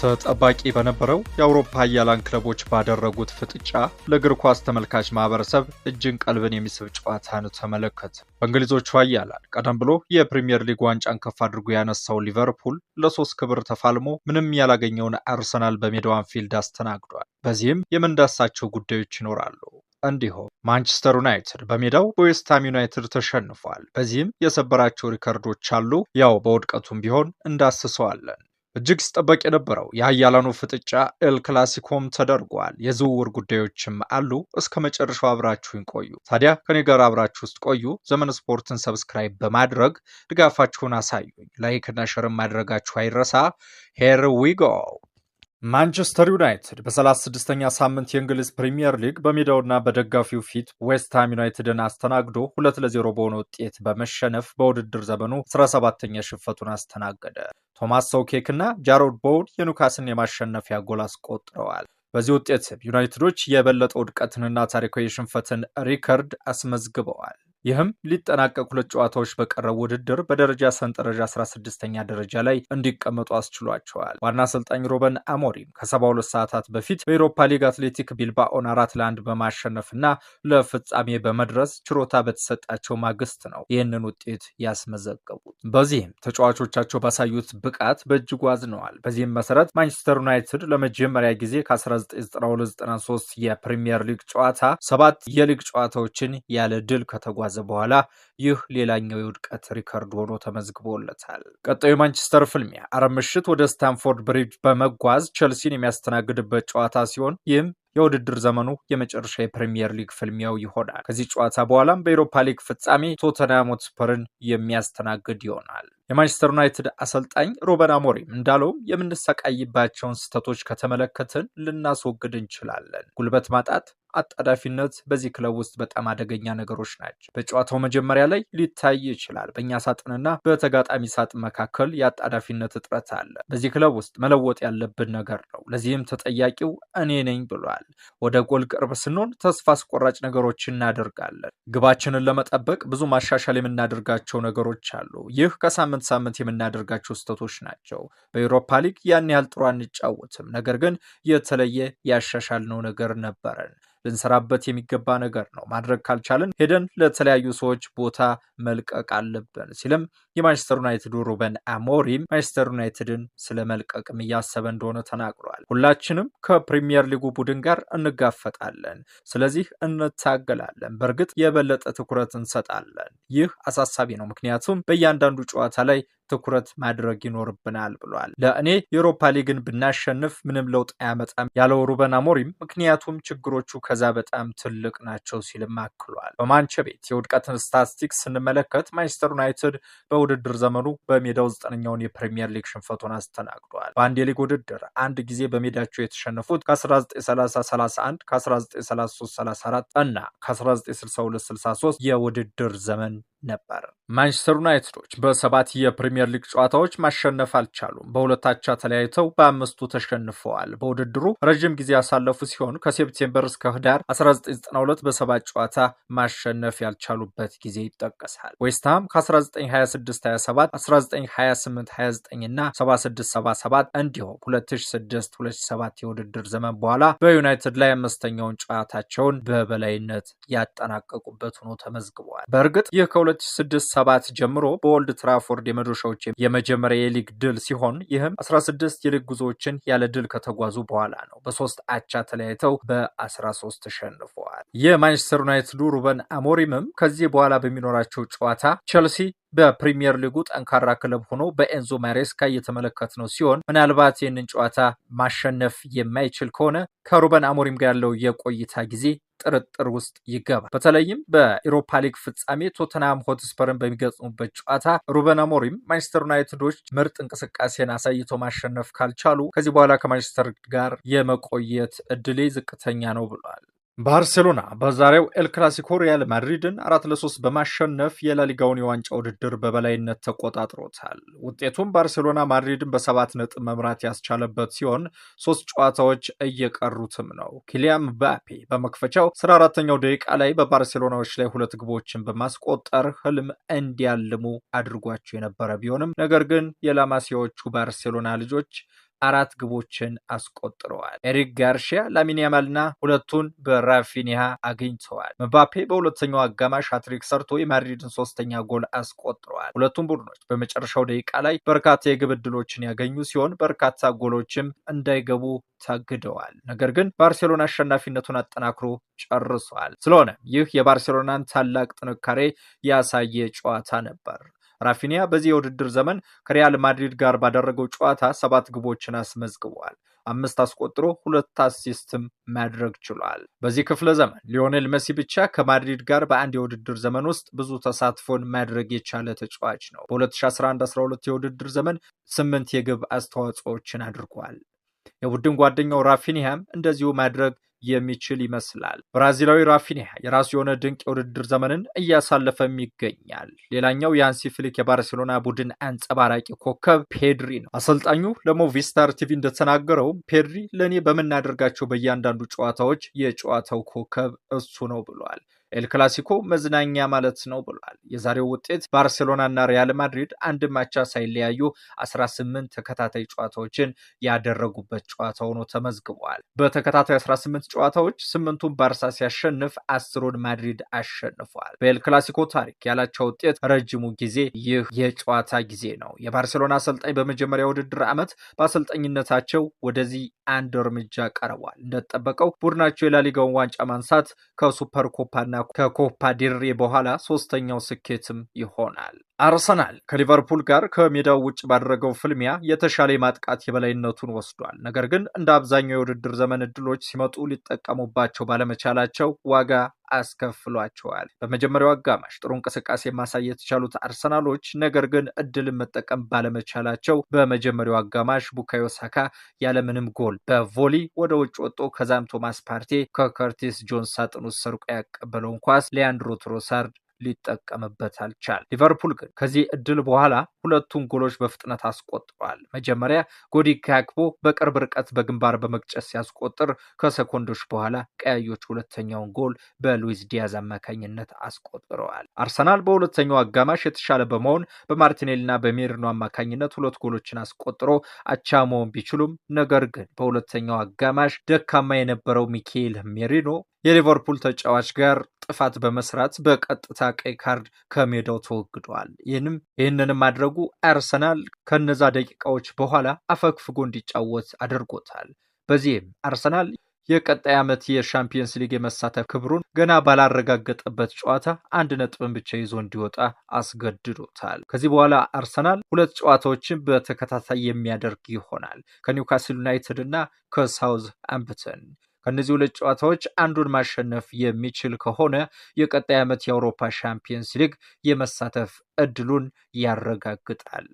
ተጠባቂ በነበረው የአውሮፓ አያላን ክለቦች ባደረጉት ፍጥጫ ለእግር ኳስ ተመልካች ማህበረሰብ እጅን ቀልብን የሚስብ ጨዋታን ተመለከት። በእንግሊዞቹ ኃያላን ቀደም ብሎ የፕሪምየር ሊግ ዋንጫን ከፍ አድርጎ ያነሳው ሊቨርፑል ለሶስት ክብር ተፋልሞ ምንም ያላገኘውን አርሰናል በሜዳው አንፊልድ አስተናግዷል። በዚህም የምንዳሳቸው ጉዳዮች ይኖራሉ። እንዲሁም ማንቸስተር ዩናይትድ በሜዳው በዌስትሃም ዩናይትድ ተሸንፏል። በዚህም የሰበራቸው ሪከርዶች አሉ። ያው በውድቀቱም ቢሆን እንዳስሰዋለን። እጅግ ሲጠበቅ የነበረው የአያላኑ ፍጥጫ ኤል ክላሲኮም ተደርጓል። የዝውውር ጉዳዮችም አሉ። እስከ መጨረሻው አብራችሁን ቆዩ። ታዲያ ከኔ ጋር አብራችሁ ውስጥ ቆዩ። ዘመን ስፖርትን ሰብስክራይብ በማድረግ ድጋፋችሁን አሳዩኝ። ላይክና ሸርም ማድረጋችሁ አይረሳ። ሄር ዊ ጎው። ማንቸስተር ዩናይትድ በ36ኛ ሳምንት የእንግሊዝ ፕሪምየር ሊግ በሜዳውና በደጋፊው ፊት ዌስትሃም ዩናይትድን አስተናግዶ ሁለት ለዜሮ በሆነ ውጤት በመሸነፍ በውድድር ዘመኑ 17ተኛ ሽንፈቱን አስተናገደ። ቶማስ ሰውኬክና ጃሮድ ቦወን የኑካስን የማሸነፊያ ጎል አስቆጥረዋል። በዚህ ውጤት ዩናይትዶች የበለጠ ውድቀትንና ታሪካዊ የሽንፈትን ሪከርድ አስመዝግበዋል። ይህም ሊጠናቀቅ ሁለት ጨዋታዎች በቀረቡ ውድድር በደረጃ ሰንጠረዥ 16ኛ ደረጃ ላይ እንዲቀመጡ አስችሏቸዋል። ዋና አሰልጣኝ ሮበን አሞሪም ከ72 ሰዓታት በፊት በኤሮፓ ሊግ አትሌቲክ ቢልባኦን አራት ለአንድ በማሸነፍና ለፍጻሜ በመድረስ ችሮታ በተሰጣቸው ማግስት ነው ይህንን ውጤት ያስመዘገቡት። በዚህም ተጫዋቾቻቸው ባሳዩት ብቃት በእጅጉ አዝነዋል። በዚህም መሰረት ማንቸስተር ዩናይትድ ለመጀመሪያ ጊዜ ከ1992/93 የፕሪምየር ሊግ ጨዋታ ሰባት የሊግ ጨዋታዎችን ያለ ድል ከተጓዘ ከተያዘ በኋላ ይህ ሌላኛው የውድቀት ሪከርድ ሆኖ ተመዝግቦለታል። ቀጣዩ ማንቸስተር ፍልሚያ አርብ ምሽት ወደ ስታንፎርድ ብሪጅ በመጓዝ ቸልሲን የሚያስተናግድበት ጨዋታ ሲሆን ይህም የውድድር ዘመኑ የመጨረሻ የፕሪምየር ሊግ ፍልሚያው ይሆናል። ከዚህ ጨዋታ በኋላም በኤሮፓ ሊግ ፍጻሜ ቶተንሃም ሆትስፐርን የሚያስተናግድ ይሆናል። የማንቸስተር ዩናይትድ አሰልጣኝ ሮበን አሞሪም እንዳለውም የምንሰቃይባቸውን ስህተቶች ከተመለከትን ልናስወግድ እንችላለን። ጉልበት ማጣት፣ አጣዳፊነት በዚህ ክለብ ውስጥ በጣም አደገኛ ነገሮች ናቸው። በጨዋታው መጀመሪያ ላይ ሊታይ ይችላል። በእኛ ሳጥንና በተጋጣሚ ሳጥን መካከል የአጣዳፊነት እጥረት አለ። በዚህ ክለብ ውስጥ መለወጥ ያለብን ነገር ነው። ለዚህም ተጠያቂው እኔ ነኝ ብሏል። ወደ ጎል ቅርብ ስንሆን ተስፋ አስቆራጭ ነገሮችን እናደርጋለን። ግባችንን ለመጠበቅ ብዙ ማሻሻል የምናደርጋቸው ነገሮች አሉ። ይህ ከሳምንት ሳምንት የምናደርጋቸው ስህተቶች ናቸው። በኤውሮፓ ሊግ ያን ያህል ጥሩ አንጫወትም፣ ነገር ግን የተለየ ያሻሻልነው ነገር ነበረን። ልንሰራበት የሚገባ ነገር ነው። ማድረግ ካልቻለን ሄደን ለተለያዩ ሰዎች ቦታ መልቀቅ አለብን ሲልም የማንቸስተር ዩናይትድ ሩበን አሞሪም ማንቸስተር ዩናይትድን ስለ መልቀቅም እያሰበ እንደሆነ ተናግሯል። ሁላችንም ከፕሪሚየር ሊጉ ቡድን ጋር እንጋፈጣለን፣ ስለዚህ እንታገላለን። በእርግጥ የበለጠ ትኩረት እንሰጣለን። ይህ አሳሳቢ ነው፣ ምክንያቱም በእያንዳንዱ ጨዋታ ላይ ትኩረት ማድረግ ይኖርብናል ብሏል። ለእኔ የአውሮፓ ሊግን ብናሸንፍ ምንም ለውጥ አያመጣም ያለው ሩበን አሞሪም ምክንያቱም ችግሮቹ ከዛ በጣም ትልቅ ናቸው ሲልም አክሏል። በማንቸ ቤት የውድቀትን ስታትስቲክስ ስንመለከት ማንቸስተር ዩናይትድ በውድድር ዘመኑ በሜዳው ዘጠነኛውን የፕሪሚየር ሊግ ሽንፈቱን አስተናግዷል። በአንድ የሊግ ውድድር አንድ ጊዜ በሜዳቸው የተሸነፉት ከ193031 ከ193334 እና ከ196263 የውድድር ዘመን ነበር። ማንቸስተር ዩናይትዶች በሰባት የፕሪምየር ሊግ ጨዋታዎች ማሸነፍ አልቻሉም። በሁለታቻ ተለያይተው በአምስቱ ተሸንፈዋል። በውድድሩ ረዥም ጊዜ ያሳለፉ ሲሆኑ ከሴፕቴምበር እስከ ህዳር 1992 በሰባት ጨዋታ ማሸነፍ ያልቻሉበት ጊዜ ይጠቀሳል። ዌስትሃም ከ192627 192829 እና 7677 እንዲሁም 2007 የውድድር ዘመን በኋላ በዩናይትድ ላይ አምስተኛውን ጨዋታቸውን በበላይነት ያጠናቀቁበት ሆኖ ተመዝግበዋል። በእርግጥ ይህ ከ ከ ጀምሮ በወልድ ትራፎርድ የመዶሻዎች የመጀመሪያ የሊግ ድል ሲሆን ይህም 16 የሊግ ጉዞዎችን ያለ ድል ከተጓዙ በኋላ ነው። በሶስት አቻ ተለያይተው በ13 ተሸንፈዋል። የማንቸስተር ዩናይትዱ ሩበን አሞሪምም ከዚህ በኋላ በሚኖራቸው ጨዋታ ቸልሲ በፕሪሚየር ሊጉ ጠንካራ ክለብ ሆኖ በኤንዞ ማሬስካ እየተመለከት ነው ሲሆን ምናልባት ይህንን ጨዋታ ማሸነፍ የማይችል ከሆነ ከሩበን አሞሪም ጋር ያለው የቆይታ ጊዜ ጥርጥር ውስጥ ይገባል። በተለይም በኢሮፓ ሊግ ፍጻሜ ቶተንሃም ሆትስፐርን በሚገጥሙበት ጨዋታ ሩበን አሞሪም ማንቸስተር ዩናይትዶች ምርጥ እንቅስቃሴን አሳይተው ማሸነፍ ካልቻሉ ከዚህ በኋላ ከማንቸስተር ጋር የመቆየት እድሌ ዝቅተኛ ነው ብሏል። ባርሴሎና በዛሬው ኤል ክላሲኮ ሪያል ማድሪድን አራት ለሶስት በማሸነፍ የላሊጋውን የዋንጫ ውድድር በበላይነት ተቆጣጥሮታል። ውጤቱም ባርሴሎና ማድሪድን በሰባት ነጥብ መምራት ያስቻለበት ሲሆን ሶስት ጨዋታዎች እየቀሩትም ነው። ኪሊያም ባፔ በመክፈቻው ስራ አራተኛው ደቂቃ ላይ በባርሴሎናዎች ላይ ሁለት ግቦችን በማስቆጠር ህልም እንዲያልሙ አድርጓቸው የነበረ ቢሆንም ነገር ግን የላማሲያዎቹ ባርሴሎና ልጆች አራት ግቦችን አስቆጥረዋል። ኤሪክ ጋርሺያ፣ ላሚን ያማልና ሁለቱን በራፊኒሃ አግኝተዋል። መባፔ በሁለተኛው አጋማሽ አትሪክ ሰርቶ የማድሪድን ሶስተኛ ጎል አስቆጥረዋል። ሁለቱም ቡድኖች በመጨረሻው ደቂቃ ላይ በርካታ የግብ ዕድሎችን ያገኙ ሲሆን በርካታ ጎሎችም እንዳይገቡ ታግደዋል። ነገር ግን ባርሴሎና አሸናፊነቱን አጠናክሮ ጨርሷል። ስለሆነ ይህ የባርሴሎናን ታላቅ ጥንካሬ ያሳየ ጨዋታ ነበር። ራፊኒያ በዚህ የውድድር ዘመን ከሪያል ማድሪድ ጋር ባደረገው ጨዋታ ሰባት ግቦችን አስመዝግቧል። አምስት አስቆጥሮ ሁለት አሲስትም ማድረግ ችሏል። በዚህ ክፍለ ዘመን ሊዮኔል መሲ ብቻ ከማድሪድ ጋር በአንድ የውድድር ዘመን ውስጥ ብዙ ተሳትፎን ማድረግ የቻለ ተጫዋች ነው። በ2011/12 የውድድር ዘመን ስምንት የግብ አስተዋጽኦዎችን አድርጓል። የቡድን ጓደኛው ራፊኒያም እንደዚሁ ማድረግ የሚችል ይመስላል። ብራዚላዊ ራፊኒያ የራሱ የሆነ ድንቅ የውድድር ዘመንን እያሳለፈም ይገኛል። ሌላኛው የአንሲ ፍሊክ የባርሴሎና ቡድን አንጸባራቂ ኮከብ ፔድሪ ነው። አሰልጣኙ ለሞቪስታር ቲቪ እንደተናገረው ፔድሪ ለእኔ በምናደርጋቸው በእያንዳንዱ ጨዋታዎች የጨዋታው ኮከብ እሱ ነው ብሏል። ኤል ክላሲኮ መዝናኛ ማለት ነው ብሏል። የዛሬው ውጤት ባርሴሎናና ሪያል ማድሪድ አንድ ማቻ ሳይለያዩ 18 ተከታታይ ጨዋታዎችን ያደረጉበት ጨዋታ ሆኖ ተመዝግቧል። በተከታታይ 18 ጨዋታዎች ስምንቱን ባርሳ ሲያሸንፍ፣ አስሩን ማድሪድ አሸንፏል። በኤል ክላሲኮ ታሪክ ያላቸው ውጤት ረጅሙ ጊዜ ይህ የጨዋታ ጊዜ ነው። የባርሴሎና አሰልጣኝ በመጀመሪያ ውድድር ዓመት በአሰልጣኝነታቸው ወደዚህ አንድ እርምጃ ቀርቧል። እንደተጠበቀው ቡድናቸው የላሊጋውን ዋንጫ ማንሳት ከሱፐር ኮፓና ከኮፓ ድሬ በኋላ ሶስተኛው ስኬትም ይሆናል። አርሰናል ከሊቨርፑል ጋር ከሜዳው ውጭ ባደረገው ፍልሚያ የተሻለ የማጥቃት የበላይነቱን ወስዷል። ነገር ግን እንደ አብዛኛው የውድድር ዘመን እድሎች ሲመጡ ሊጠቀሙባቸው ባለመቻላቸው ዋጋ አስከፍሏቸዋል። በመጀመሪያው አጋማሽ ጥሩ እንቅስቃሴ ማሳየት የቻሉት አርሰናሎች ነገር ግን እድልን መጠቀም ባለመቻላቸው በመጀመሪያው አጋማሽ ቡካዮ ሳካ ያለምንም ጎል በቮሊ ወደ ውጭ ወጥቶ ከዛም ቶማስ ፓርቴ ከከርቲስ ጆንስ ሳጥን ውስጥ ሰርቆ ያቀበለውን ኳስ ሊያንድሮ ትሮሳርድ ሊጠቀምበት አልቻል። ሊቨርፑል ግን ከዚህ እድል በኋላ ሁለቱን ጎሎች በፍጥነት አስቆጥረዋል። መጀመሪያ ጎዲ ካክፖ በቅርብ ርቀት በግንባር በመግጨት ሲያስቆጥር ከሰኮንዶች በኋላ ቀያዮች ሁለተኛውን ጎል በሉዊዝ ዲያዝ አማካኝነት አስቆጥረዋል። አርሰናል በሁለተኛው አጋማሽ የተሻለ በመሆን በማርቲኔልና በሜሪኖ አማካኝነት ሁለት ጎሎችን አስቆጥሮ አቻ መሆን ቢችሉም ነገር ግን በሁለተኛው አጋማሽ ደካማ የነበረው ሚካኤል ሜሪኖ የሊቨርፑል ተጫዋች ጋር ጥፋት በመስራት በቀጥታ ቀይ ካርድ ከሜዳው ተወግዷል። ይህንም ይህንንም ማድረጉ አርሰናል ከነዛ ደቂቃዎች በኋላ አፈግፍጎ እንዲጫወት አድርጎታል። በዚህም አርሰናል የቀጣይ ዓመት የሻምፒየንስ ሊግ የመሳተፍ ክብሩን ገና ባላረጋገጠበት ጨዋታ አንድ ነጥብን ብቻ ይዞ እንዲወጣ አስገድዶታል። ከዚህ በኋላ አርሰናል ሁለት ጨዋታዎችን በተከታታይ የሚያደርግ ይሆናል ከኒውካስል ዩናይትድ እና ከሳውዝ አምፕተን ከእነዚህ ሁለት ጨዋታዎች አንዱን ማሸነፍ የሚችል ከሆነ የቀጣይ ዓመት የአውሮፓ ሻምፒየንስ ሊግ የመሳተፍ እድሉን ያረጋግጣል።